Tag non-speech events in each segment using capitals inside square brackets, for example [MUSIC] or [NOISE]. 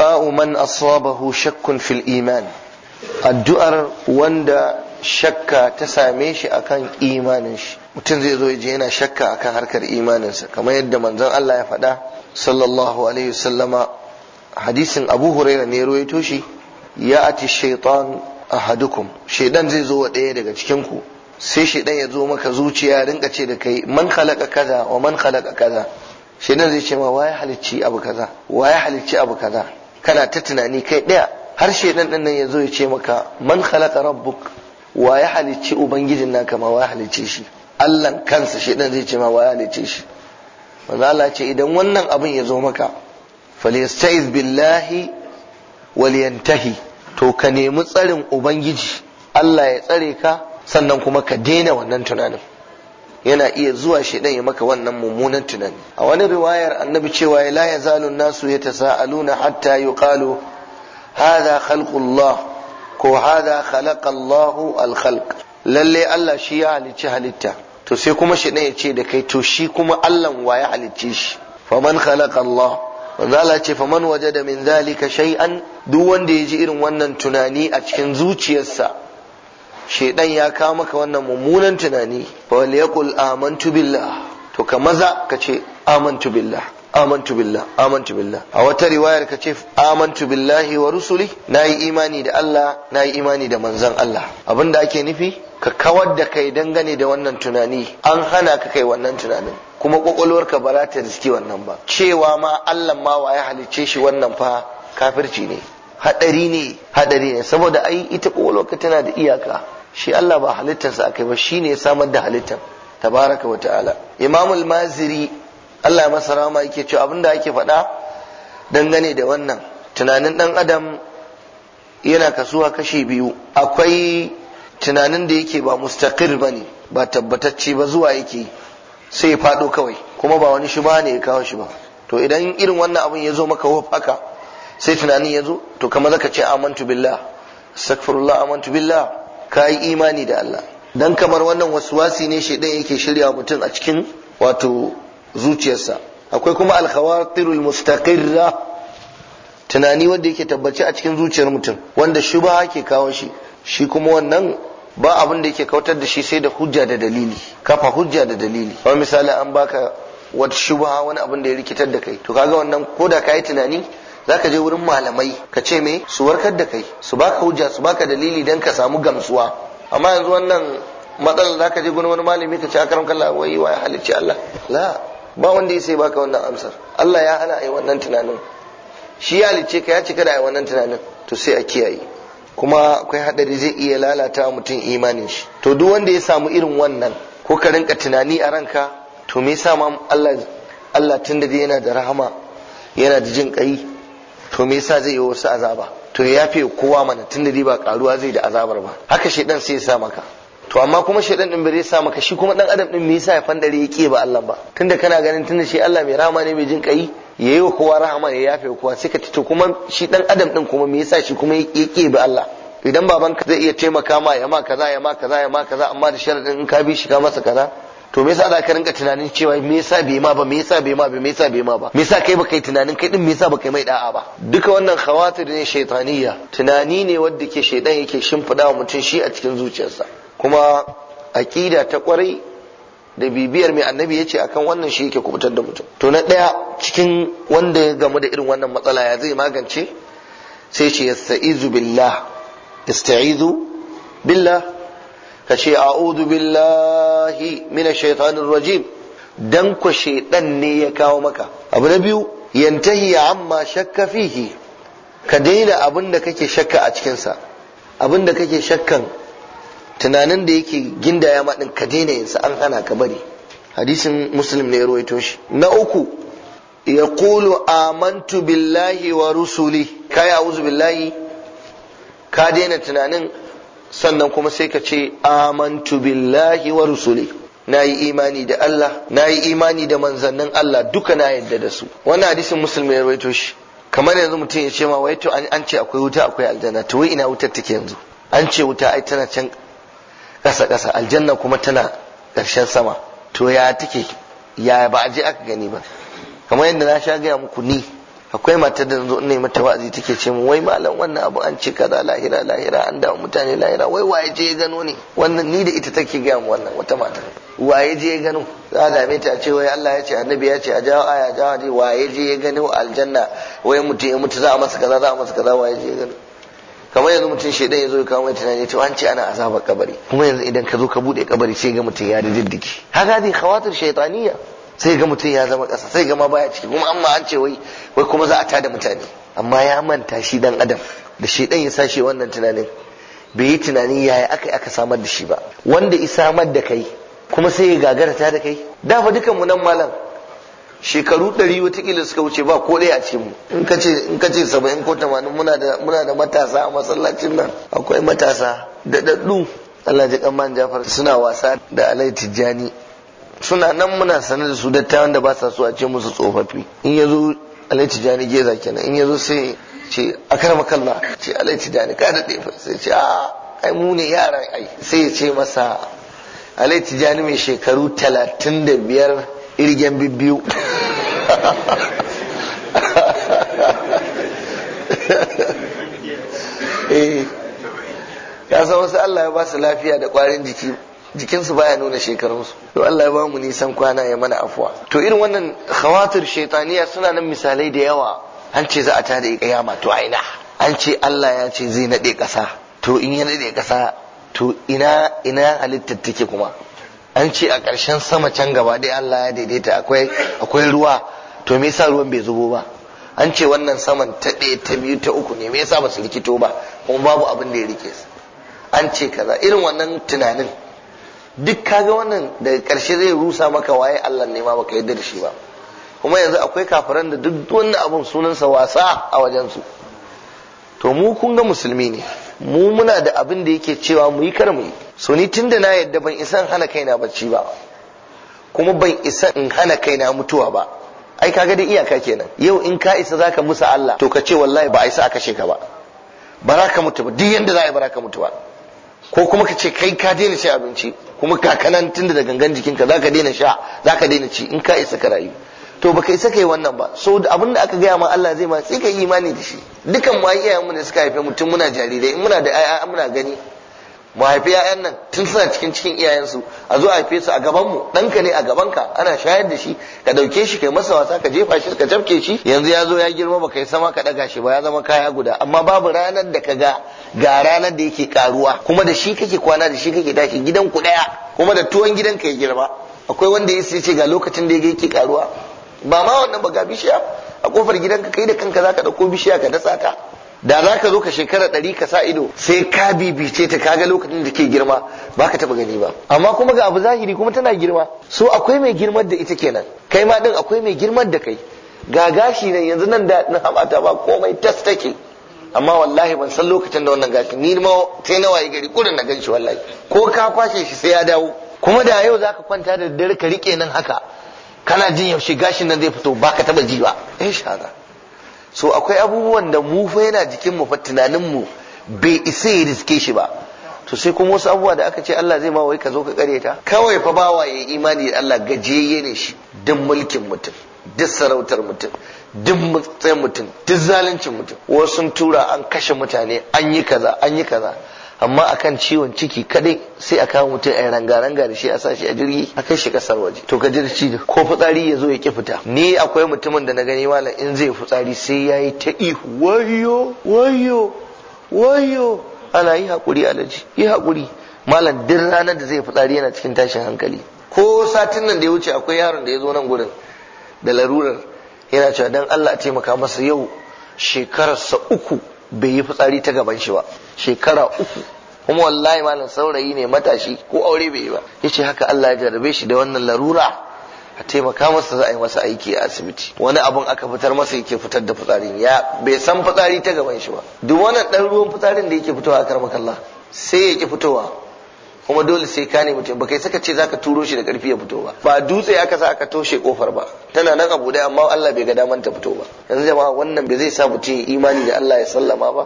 du'a'u man asabahu shakkun fil iman addu'ar wanda shakka ta same shi akan imanin shi mutum zai zo je yana shakka akan harkar imaninsa kamar yadda manzon Allah ya faɗa sallallahu alaihi wasallama hadisin Abu Huraira ne ruwaito shi ya ati shaitan ahadukum shaidan zai zo wa ɗaya daga cikin ku sai shaidan ya zo maka zuciya rinka ce da kai man khalaqa kaza wa man khalaqa kaza shaidan zai ce ma waye halicci abu kaza waye halicci abu kaza kana ta tunani kai ɗaya har shaidan ɗin nan ya zo ya ce maka man khalaqa rabbuk wa ya halicci ubangijin naka ma wa ya halicce shi Allah kansa shi ɗan zai ce ma wa ya halicce shi manzo Allah ce idan wannan abin ya zo maka falyasta'iz billahi walyantahi to ka nemi tsarin ubangiji Allah ya tsare ka sannan kuma ka daina wannan tunanin yana iya zuwa shaidan ya maka wannan mummunan tunani a wani riwayar annabi cewa la yazalu nasu yatasaaluna hatta yuqalu hadha khalqullah ko hadha khalaqallahu alkhalq lalle Allah shi ya halicci halitta to sai kuma shaidan ya ce da kai to shi kuma Allah wa ya halicce shi faman khalaqallah manzo Allah ce faman wajada min zalika shay'an duk wanda ya ji irin wannan tunani a cikin zuciyarsa shedan ya kawo maka wannan mummunan tunani ya yaqul amantu billah to ka maza ka ce amantu billah amantu billah amantu billah a wata riwayar ka ce amantu billahi wa rusuli nayi imani da Allah nayi imani da manzon Allah abinda ake nufi ka kawar da kai dangane da wannan tunani an hana ka kai wannan tunanin kuma kwakwalwarka ka za ta riski wannan ba cewa ma Allah ma wa ya halicce shi wannan fa kafirci ne hadari ne hadari ne saboda ai ita kwakwalwarka tana da iyaka shi Allah ba halittarsa aka yi ba shi ne ya samar da halittar tabaraka wa ta'ala imamul maziri Allah masa rahama yake cewa abinda ake faɗa dangane da wannan tunanin ɗan adam yana kasuwa kashi biyu akwai tunanin da yake ba mustaqir ba ne ba tabbatacce ba zuwa yake sai ya faɗo kawai kuma ba wani shi ba ne ya kawo shi ba to idan irin wannan abin ya zo maka wuf sai tunanin ya zo to kamar zaka ce amantu billah astaghfirullah amantu billah ka yi imani da Allah dan kamar wannan wasu wasi ne shaidan yake shirya mutum a cikin wato zuciyarsa akwai kuma alkhawatirul mustaqirra tunani wanda yake tabbaci a cikin zuciyar mutum wanda shubha ke kawo shi shi kuma wannan ba abin da yake kautar da shi sai da hujja da dalili kafa hujja da dalili kamar misali an baka wata shubha wani abin da ya rikitar da kai to kaga wannan ko da ka yi tunani zaka je wurin malamai ka ce me su warkar da kai su baka hujja su baka dalili dan ka samu gamsuwa amma yanzu wannan matsalar zaka je gurin wani malami ka ce akram kallah wai wa halicci Allah la ba wanda ya sai baka wannan amsar Allah ya hana ai wannan tunanin shi ya halicce ka ya cika da ai wannan tunanin to sai a kiyaye kuma akwai hadari zai iya lalata mutum imanin shi to duk wanda ya samu irin wannan ko ka rinka tunani a ranka to me yasa ma Allah Allah tunda dai yana da rahama yana da jin kai to me yasa zai yi wasu azaba to ya fi kowa mana tun da ba karuwa zai da azabar ba haka shedan sai ya sa maka to amma kuma shedan din bai sa maka shi kuma dan adam din me yasa ya fandare ya ke ba Allah ba tunda kana ganin tunda shi Allah mai rahama ne mai jin kai yayi wa kowa rahama ya yafe kowa sai ka to kuma shi dan adam din kuma me yasa shi kuma ya ba Allah idan babanka zai iya taimaka ma ya ma kaza ya ma kaza ya ma kaza amma da sharadin in ka bi shi ka masa kaza to me yasa za ka rinka tunanin cewa me yasa bai ma ba me yasa bai ma ba me yasa bai ma ba me yasa kai baka yi tunanin kai din me yasa baka yi mai da'a ba duka wannan khawatir ne shaytaniyya tunani ne wanda ke shaidan yake shimfida wa mutum shi a cikin zuciyarsa kuma aqida ta kwarai da bibiyar mai annabi ya ce akan wannan shi yake kubutar da mutum to na ɗaya cikin wanda ya gamu da irin wannan matsala ya zai magance sai ce yasta'izu billah yasta'izu billah ka ce mina billahi mina shaitanin rajim dan ku shaidan ne ya kawo maka abu na biyu yantahi amma shakka fihi ka daina abin da kake shakka a cikinsa. abin da kake shakkan tunanin da yake gindaya maɗin din ka daina yinsa an hana ka bari hadisin muslim ne ya rawaito shi na uku ya Kulu amantu billahi wa rusuli a wuzu billahi ka daina tunanin sannan kuma sai ka ce amantu billahi wa rusuli na yi imani da Allah na yi imani da manzannin Allah duka na yadda da su Wani hadisin musulmi ya rawaito shi kamar yanzu mutum ya ce ma wai to an ce akwai wuta akwai aljanna to wai ina wutar take yanzu an ce wuta ai tana can kasa kasa aljanna kuma tana karshen sama to ya take ya ba a je aka gani ba kamar yadda na sha gaya muku ni akwai matar da zo ne mata wa'azi take ce mu wai malam wannan abu an ce kaza lahira lahira an dawo mutane lahira wai waye je ya gano ne wannan ni da ita take gaya mu wannan wata mata waye je ya gano za a dame ta ce wai Allah ya ce annabi ya ce a jawo aya jawo ne waye je ya gano aljanna wai mutum ya mutu za a masa kaza za a masa kaza waye je ya gano kamar yanzu mutum shedan ya zo ya kawo mai tunani ce an ce ana azabar kabari kuma yanzu idan ka zo ka bude kabari sai ga mutum ya diddiki haka dai khawatir shaytaniyya sai ga mutum ya zama ƙasa sai ga baya ciki kuma amma an ce wai wai kuma za a tada mutane amma ya manta shi dan adam da shi dan ya sashi wannan tunanin bai yi tunanin yaya aka aka samar da shi ba wanda i samar da kai kuma sai ya gagara ta da kai da fa dukan mu nan malam shekaru ɗari watakila suka wuce ba ko ɗaya a cikin mu in ka ce in ka ce saba'in ko tamanin muna da muna da matasa a masallacin nan akwai matasa da daɗu Allah ji kan man Jafar suna wasa da Alai Tijjani suna nan muna sanar da su dattawan da ba sa so a ce musu tsofaffi in yazo alaiti jani geza kenan in yazo sai ce akarma kallah ce alaiti jani ka da dafa sai ce a ah, ai mu ne yara ai sai ya ce masa alaiti jani mai shekaru talatin da biyar irgen bibbiyu ya [LAUGHS] eh, san wasu Allah ya ba su lafiya da kwarin jiki jikinsu baya nuna shekarunsu to Allah ya ba mu nisan kwana ya mana afuwa to irin wannan khawatir shaitaniya suna nan misalai da yawa an ce za a tada kiyama to aina an ce Allah ya ce zai nade kasa to in ya nade kasa to ina ina halittar take kuma an ce a ƙarshen sama can gaba dai Allah ya daidaita akwai akwai ruwa to me yasa ruwan bai zubo ba an ce wannan saman ta ɗaya ta biyu ta uku ne me yasa ba su rikito ba kuma babu abin da ya rike su an ce kaza irin wannan tunanin duk kaga wannan daga karshe zai rusa maka waye Allah ne ma baka yarda da shi ba kuma yanzu akwai kafiran da duk wani abun sunansa wasa a wajen su. to mu kun ga musulmi ne mu muna da abin da yake cewa mu yi kar so ni tunda na yadda ban isan hana kaina bacci ba kuma ban isa in hana kaina mutuwa ba ai kaga da iyaka kenan yau in ka isa zaka musa Allah to ka ce wallahi ba a isa a kashe ka ba baraka mutu ba duk yanda za a yi baraka ka mutu ba ko kuma ka ce kai ka daina sha abinci kuma kakanan tunda da gangan jikinka zaka daina sha zaka daina ci in ka isa ka rayu to baka isa kai wannan ba so abinda aka gaya ma Allah zai ma sai ka imani da shi dukan mu ayyayan mu ne suka haife mutum muna jarirai in muna da ai muna gani mu haifi 'ya'yan nan tun suna cikin cikin iyayensu a zo a haife su a gaban mu ɗanka ne a gaban ka ana shayar da shi ka ɗauke shi kai masa wasa ka jefa shi ka tafke shi yanzu ya zo ya girma ba kai sama ka ɗaga shi ba ya zama kaya guda amma babu ranar da ka ga ga ranar da yake karuwa kuma da shi kake kwana da shi kake tashi gidan ku ɗaya kuma da tuwon gidan ka ya girma akwai wanda ya ce ga lokacin da yake karuwa ba ma wannan ba ga bishiya a kofar gidanka kai da kanka zaka ɗauko bishiya ka dasa ta da za ka zo ka shekara ɗari ka sa ido sai ka bibice ta kaga lokacin da ke girma ba ka taɓa gani ba amma kuma ga abu zahiri kuma tana girma so akwai mai girmar da ita kenan kai ma ɗin akwai mai girmar da kai ga gashi nan yanzu nan da na hamata ba komai tas take amma wallahi ban san lokacin da wannan gashi ni ma sai na waye gari kurin na ganshi wallahi ko ka kwashe shi sai ya dawo kuma da yau zaka kwanta da daddare ka rike nan haka kana jin yaushe gashin nan zai fito ba ka taɓa ji ba insha Allah so akwai abubuwan da mu fa yana jikin mu fa tunanin mu bai isa ya riske shi ba to sai kuma wasu abubuwa da aka ce Allah zai ma wai ka zo ka ta? kawai fa bawa ya imani da Allah gajeye ne shi duk mulkin mutum duk sarautar mutum duk matsayin mutum duk zaluncin mutum wasu tura an kashe mutane an yi kaza an yi kaza amma akan ciwon ciki kadai sai a kawo mutum a ranga-ranga da shi a sa shi a jirgi a kai shi kasar waje to ka jirci ko fitsari ya zo ya ki fita ni akwai mutumin da na gani malam in zai fitsari sai yayi yi ta ihu wayo wayo wayo ana yi hakuri alaji yi hakuri malam duk ranar da zai fitsari yana cikin tashin hankali ko satin nan da ya wuce akwai yaron da ya zo nan gurin da larurar yana cewa dan Allah a taimaka masa yau shekararsa uku bai yi fitsari ta gaban shi ba shekara uku kuma wallahi malam saurayi ne matashi ko aure bai yi ba yace haka Allah ya jarabe shi da wannan larura a taimaka masa za a yi masa aiki a asibiti wani abun aka fitar masa yake fitar da fitsarin ya bai san fitsari ta gaban shi ba duk wannan dan ruwan fitsarin da yake fitowa a Allah sai ya fitowa kuma dole sai ka ne mutum baka saka ce zaka turo shi da karfi ya fito ba ba dutse aka sa aka toshe kofar ba tana nan abu dai amma Allah bai ga daman ta fito ba yanzu jama'a wannan bai zai sa mutum imani da Allah ya sallama ba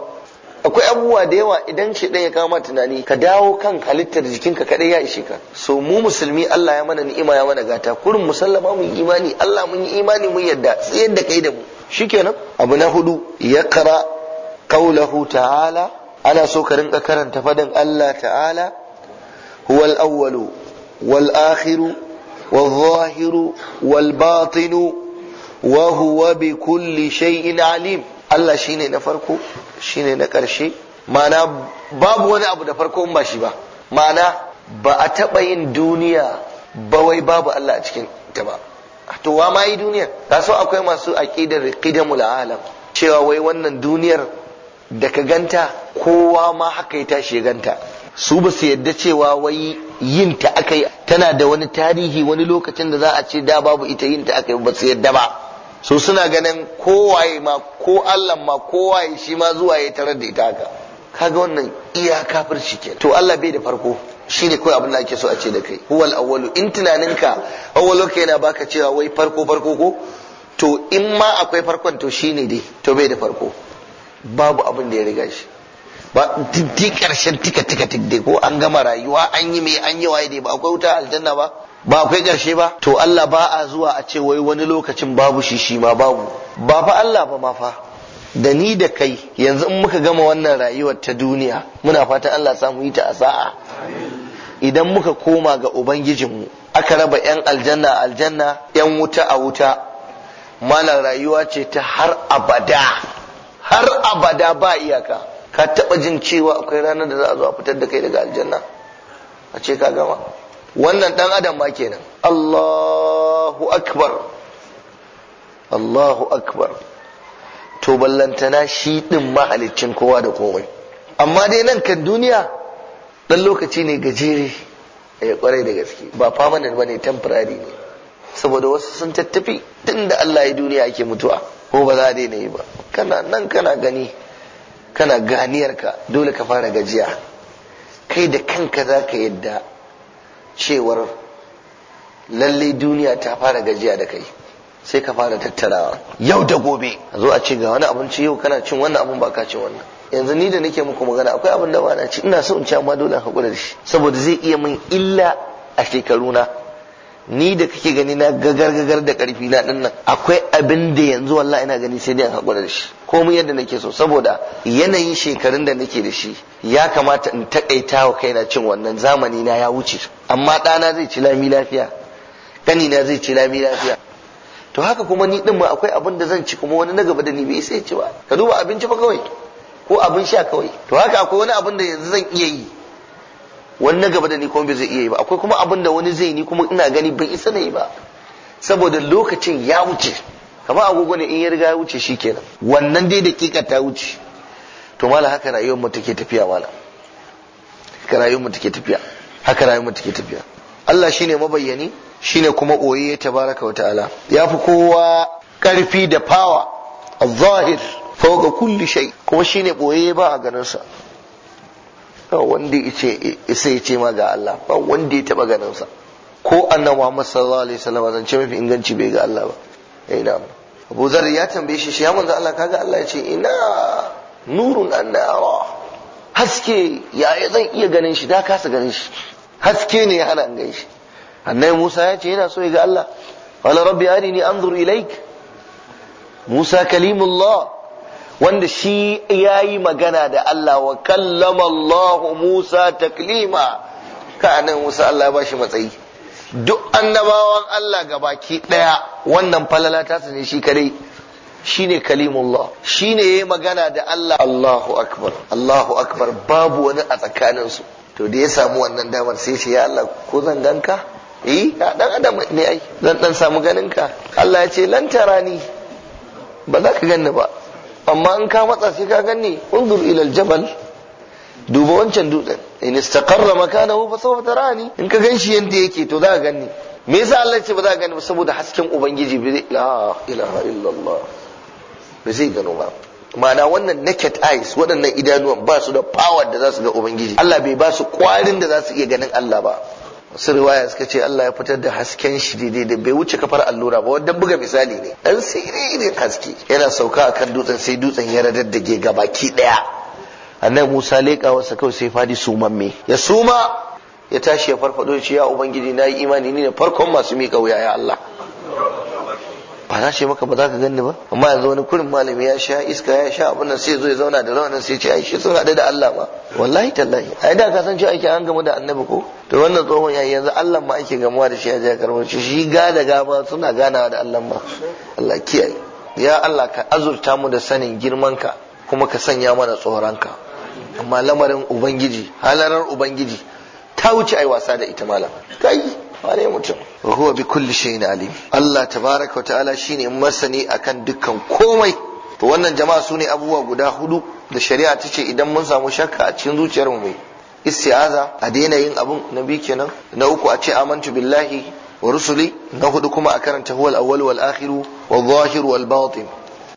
akwai abubuwa da yawa idan shi ɗaya ya kama tunani ka dawo kan halittar jikinka kaɗai ya ishe ka so mu musulmi Allah ya mana ni'ima ya mana gata kurin musallama mun imani Allah mun yi imani mun yadda tsayar da kai da mu shikenan abu na hudu ya kara qaulahu ta'ala ana so ka rinka karanta fadan Allah ta'ala huwal awwalu wal akhiru wal zahiru wal batinu wa huwa bi kulli shay'in alim Allah shi ne na farko shi ne na ƙarshe ma'ana babu wani abu da farko ba shi ba ma'ana ba a taɓa yin duniya ba wai babu Allah a cikin ta ba to wa ma yi duniyar ta so akwai masu aqidar qidamul alam cewa wai wannan duniyar da ka ganta kowa ma haka ya tashi ya ganta su ba su yadda cewa wai yin ta aka yi tana da wani tarihi wani lokacin da za a ce da babu ita yin ta aka yi ba su yadda ba su suna ganin kowaye ma ko Allah ma kowaye shi ma zuwa ya tarar da ita Ka kaga wannan iya shi ke to Allah bai da farko shi ne kawai abin da ake so a ce da kai huwal awwalu in tunaninka awwalo ka yana baka cewa wai farko farko ko to in ma akwai farkon to shine dai to bai da farko babu abin da ya riga shi ba duk karshen tika tika tik dai ko an gama rayuwa an yi mai an yi waye dai ba akwai wuta aljanna ba ba akwai ƙarshe ba to Allah ba a zuwa a ce wai wani lokacin babu shi shi ma babu ba fa Allah ba ma fa da ni da kai yanzu in muka gama wannan rayuwar ta duniya muna fata Allah samu yi ta a sa'a idan muka koma ga Ubangijin mu aka raba 'yan aljanna aljanna 'yan wuta a wuta Mana rayuwa ce ta har abada har abada ba iyaka ka taɓa jin cewa akwai ranar da za a zo a fitar da kai daga aljanna a ce ka gama wannan dan adam ma kenan Allahu akbar Allahu akbar to ballantana shi din mahalicin kowa da komai amma dai nan kan duniya dan lokaci ne gajere ya eh, kwarai da gaske ba permanent bane temporary ne saboda wasu sun tattafi tun Allah ya duniya ake mutuwa ko ba za a daina yi ba kana nan kana gani kana ganiyarka dole ka fara gajiya kai da kanka za ka yadda cewar lallai duniya ta fara gajiya da kai sai ka fara tattarawa yau da gobe a zo a ce ga wani abinci yau kana cin wannan abin ba ka cin wannan yanzu ni da nake muku magana akwai abin da ba ci ina so in ci amma dole hakura da shi saboda zai iya min illa a shekaru na, ni da kake gani na gagar gagar da karfi na dinnan akwai abin da yanzu wallahi ina gani sai dai an hakura da shi komai yadda nake so saboda yanayin shekarun da nake da shi ya kamata in takaita wa kaina cin wannan zamani na ya wuce amma ɗana zai ci lami lafiya na zai ci lami lafiya to haka kuma ni din ma akwai abin da zan ci kuma wani na gaba da ni bai sai ci ba ka duba abinci ba kawai ko abin sha kawai to haka akwai wani abin da yanzu zan iya yi wani na gaba da ni kuma bai zai iya yi ba akwai kuma abin da wani zai ni kuma ina gani ban isa na yi ba saboda lokacin ya wuce kamar agogo ne in ya riga ya wuce kenan. wannan dai dakika ta wuce to mala haka rayuwar mu take tafiya mala haka rayuwar mu take tafiya haka rayuwar mu take tafiya Allah shine mabayyani shine kuma oye tabaraka wa ta'ala fi kowa karfi da fawa al-zahir fawqa kulli shay kuma shine boye ba a ganin sa ba wanda yace sai yace ma ga Allah ba wanda ya taba ganin sa ko annabi Muhammad sallallahu alaihi wasallam zance mafi inganci bai ga Allah ba eh Abu Zar ya tambaye shi ya manzo Allah kaga Allah ya ce ina nurun an haske yi zan iya ganin shi da kasa ganin shi haske ne ya hana ganin shi annai Musa ya ce yana so ya ga Allah wala rabbi arini anzur ilaik Musa kalimullah wanda shi ya yi magana da Allah wa kallama Allah Musa taklima ka annai Musa Allah ya shi matsayi duk annabawan Allah ga baki ɗaya wannan falala ta ne shi kadai shine kalimullah shine yayi magana da Allah Allahu akbar Allahu akbar babu wani a tsakanin su to da ya samu wannan damar sai shi ya Allah ko zan ganka eh dan adam ne ai zan dan samu ganin ka Allah ya ce lan tarani ba za ka ganni ba amma in ka matsa sai ka ganni unzur ila aljabal duba wancan dutsen in istaqarra makanahu fa sawfa tarani in ka ganshi yanda yake to za ka ganni me yasa Allah ce ba za ka gani ba saboda hasken ubangiji bi la ilaha illallah ba zai gano ba ma'ana wannan naked eyes waɗannan idanuwan ba su da power da za su ga ubangiji Allah bai ba su kwarin da za su iya ganin Allah ba wasu riwaya suka ce Allah ya fitar da hasken shi daidai da bai wuce kafar allura ba wadda buga misali ne dan ne haske yana sauka akan dutsen sai dutsen ya radaddage gabaki ɗaya. annabi Musa leƙa wasa kawai sai fadi sumamme ya suma ya tashi ya farfado ya ce ya ubangiji na yi imani ni ne farkon masu miƙa wuya ya Allah ba za ce maka ba za ka gani ba amma yanzu wani kurin malami ya sha iska ya sha abin nan sai zo ya zauna da rawanin sai ce ai shi sun haɗu da Allah ba wallahi tallahi ai da ka san cewa ake an gamu da annabi ko to wannan tsohon yayi yanzu Allah ma ake gamuwa da shi ya je karbar shi shi ga da ba suna ganawa da Allah ma Allah kiyaye ya Allah ka azurta mu da sanin girman ka kuma ka sanya mana tsoronka amma lamarin ubangiji halarar ubangiji ta wuce ai wasa da ita malam kai wane mutum wa huwa bi kulli shay'in alim Allah tabaraka wa ta'ala shine masani akan dukkan komai to wannan jama'a su ne abubuwa guda hudu da shari'a ta ce idan mun samu shakka a cikin zuciyar mu mai istiaza a daina yin abun na kenan na uku a ce amantu billahi wa rusuli na hudu kuma a karanta huwal awwal wal akhiru wal zahir wal batin